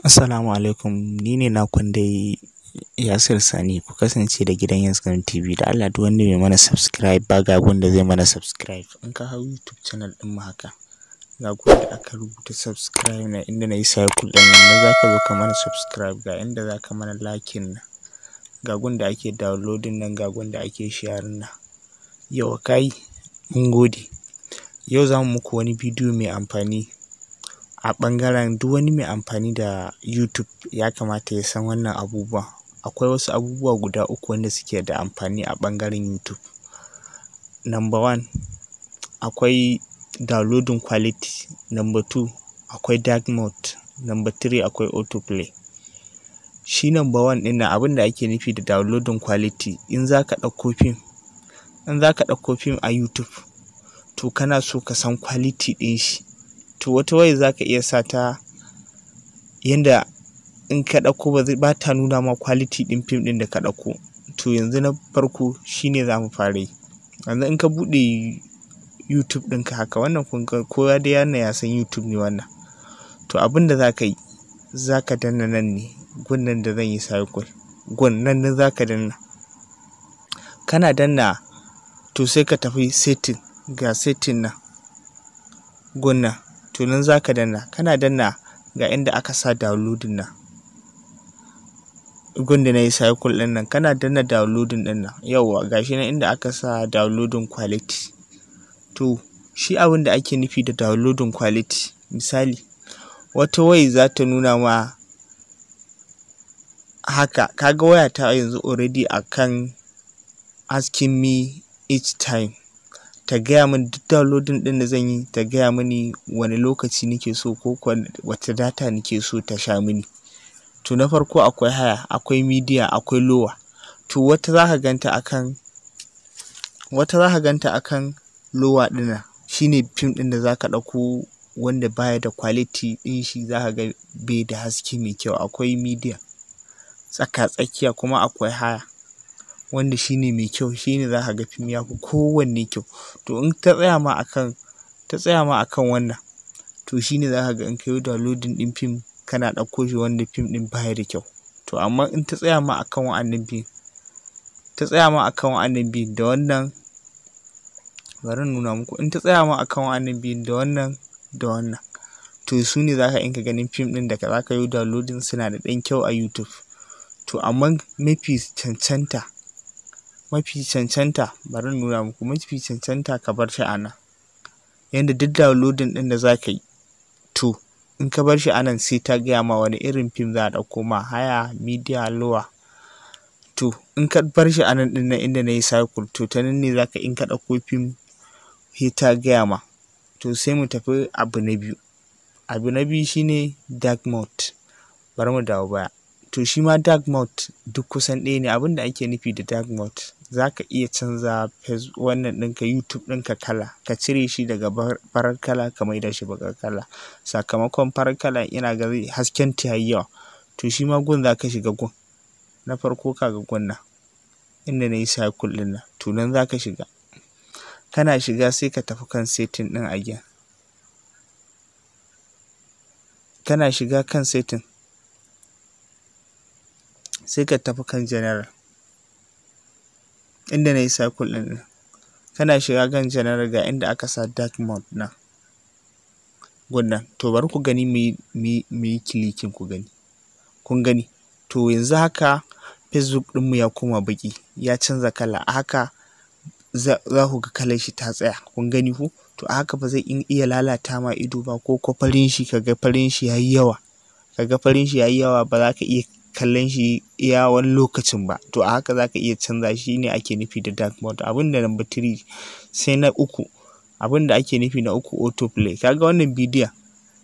Assalamu alaikum, ni ne na dai Yasir Sani. Ku kasance da gidan Yasir TV da Allah duk wanda bai mana subscribe ba ga da zai mana subscribe. In ka hau YouTube channel ɗin mu haka, ga da aka rubuta subscribe na inda na yi circle din nan za ka zo ka mana subscribe ga inda za ka mana like nan. Ga da ake downloading nan, ga da ake share nan. Yau, kai, mun gode. Yau za mu muku wani bidiyo mai amfani. a ɓangaren duk wani mai amfani da YouTube ya kamata ya san wannan abubuwa. Akwai wasu abubuwa guda uku wanda suke da amfani a ɓangaren YouTube. Number one, akwai downloading quality. Number two, akwai dark mode. Number three, akwai autoplay. Shi number one ɗin nan ake nufi da downloading quality in za ka ɗauko fim, in za ka ɗauko fim a YouTube to kana so ka san quality ɗin shi. to wata wayar za ka iya sa ta yadda in ka ɗauko ba ta nuna ma quality ɗin fim ɗin da ka ɗauko to yanzu na farko shine za mu fara yi yanzu in ka buɗe youtube ɗinka haka wannan kun ga kowa da yana ya san youtube ne wannan to abin da za ka yi za ka danna nan ne gun nan da zan yi cycle gun nan ne za ka danna kana danna to sai ka tafi setting ga setting nan gun nan to nan za ka danna kana danna ga inda aka sa downloading nan gunda na yi cycle din nan kana danna downloading din nan yauwa gashi nan inda aka sa downloading quality to shi abin da ake nufi da downloading quality misali wata wai za ta nuna ma haka kaga waya ta yanzu already akan asking me each time ta gaya min duk downloading din da zan yi ta gaya mini wani lokaci nake so ko wata data nake so ta sha mini to na farko akwai haya akwai media akwai lowa to wata za ka ganta akan wata za ka ganta akan lowa dina shine fim din da zaka ka ɗauko wanda baya da quality din shi za ka ga bai da haske mai kyau akwai media tsaka-tsakiya kuma akwai haya wanda shine mai kyau shine za ka ga fim ya fi kowanne kyau to in ta tsaya ma akan ta tsaya ma akan wannan to shine za ka ga in ka yi downloading ɗin fim kana ɗauko shi wanda fim ɗin baya da kyau to amma in ta tsaya ma akan wa'annan biyun ta tsaya ma akan wa'annan biyun da wannan bari nuna muku in ta tsaya ma akan wa'annan biyun da wannan da wannan to su ne za ka inka ganin fim ɗin da za ka yi downloading suna da ɗan kyau a YouTube to amma mafi cancanta mafi cancanta bari in nuna muku mafi cancanta ka bar shi a nan yanda duk downloading din da za ka yi to in ka bar shi a sai ta gaya ma wani irin fim za a ɗauko ma haya media lowa to in ka bar shi a nan inda na yi cycle to ta nan ne za ka in ka ɗauko fim sai ta gaya ma to sai mu tafi abu na biyu abu na biyu shine dark mode bari mu dawo baya to shi ma dark mode duk kusan ɗaya ne abin da ake nufi da dark mode za ka iya canza face wannan ɗinka YouTube ɗinka kala. Ka cire shi daga farar kala ka maida shi baƙar kala. Sakamakon farar kala ina ga zai hasken ta yayi yawa. To shi ma gun za ka shiga gun. Na farko ka ga gun nan inda na yi circle ɗin nan to nan za ka shiga. Kana shiga sai ka tafi kan setting ɗin again. Kana shiga kan setting sai ka tafi kan general. inda na yi cycle ɗin kana shiga gan general ga inda aka sa dark mode na gwannan to bari ku gani mu yi kilikin ku gani kun gani to yanzu haka facebook ɗinmu ya koma baki ya canza kala a haka za ku ga kalar shi ta tsaya kun gani ku to a haka ba zai iya lalata ma ido ba ko ko farin shi kaga farin shi ya yi yawa kaga farin shi yi yawa ba za ka iya kallon shi iya wani lokacin ba to a haka zaka iya canza shi ne ake nufi da dark mode abin da number three sai na uku abin da ake nufi na uku autoplay kaga wannan bidiyon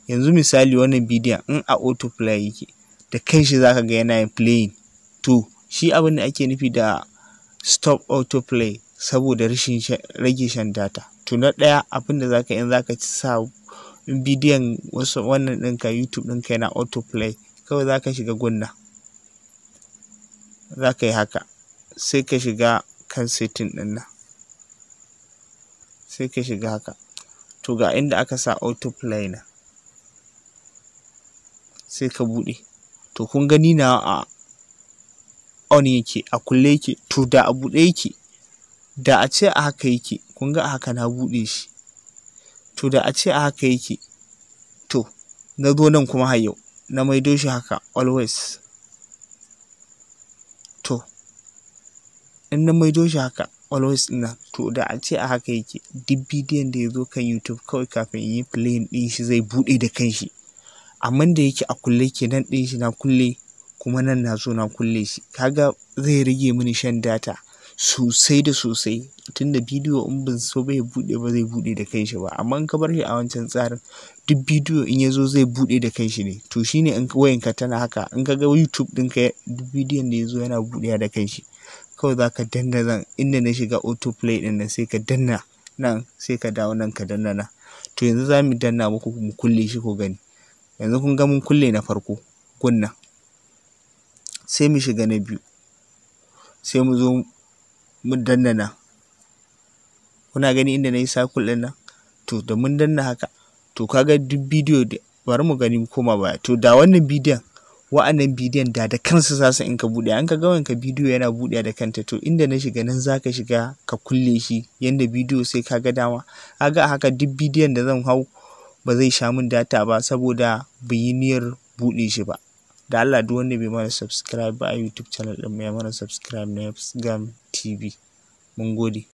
yanzu misali wannan bidiyon in a autoplay yake da kan shi zaka ga yana yin playing to shi abin da ake nufi da stop autoplay saboda rashin rage shan data to na ɗaya abin da zaka in zaka sa bidiyon wasu wannan ɗinka youtube ɗinka yana autoplay kawai zaka shiga gunna za ka yi haka sai ka shiga kan setting ɗin nan sai ka shiga haka to ga inda aka sa play na sai ka buɗe to kun gani na a on yake a kulle yake to da a buɗe yake da a ce a haka yake kun ga a haka na buɗe shi to da a ce a haka yake to na zo nan kuma har yau na maido shi haka always in na maido shi haka always ina to da a ce a haka yake duk bidiyon da ya zo kan YouTube kawai kafin in yi playing ɗin shi zai buɗe da kanshi amma da yake a kulle ke nan ɗin shi na kulle kuma nan na zo na kulle shi kaga zai rage mini shan data sosai da sosai tunda bidiyo in ban so bai buɗe ba zai buɗe da kanshi ba amma in ka bar shi a wancan tsarin duk bidiyo in ya zo zai buɗe da kanshi ne to shine in wayanka tana haka in ka ga YouTube ɗinka duk bidiyon da ya zo yana buɗewa da kanshi kawai za ka danna zan inda na shiga auto play ɗin nan sai ka danna nan sai ka dawo nan ka danna nan to yanzu za mu danna muku mu kulle shi ku gani yanzu kun ga mun kulle na farko kunna sai mu shiga na biyu sai mu zo mu danna nan kuna gani inda na yi circle ɗin nan to da mun danna haka to kaga duk bidiyo bari mu gani mu koma baya to da wannan bidiyon wa'annan bidiyon da da kansu za su in ka buɗe an ka ga wanka bidiyo yana buɗe da kanta to inda na shiga nan za ka shiga ka kulle shi yanda bidiyo sai ka ga dama kaga a haka duk bidiyon da zan hau ba zai sha min data ba saboda yi niyyar buɗe shi ba da Allah duk wanda bai mana subscribe ba a YouTube channel ɗin mai mana subscribe na Gam TV mun gode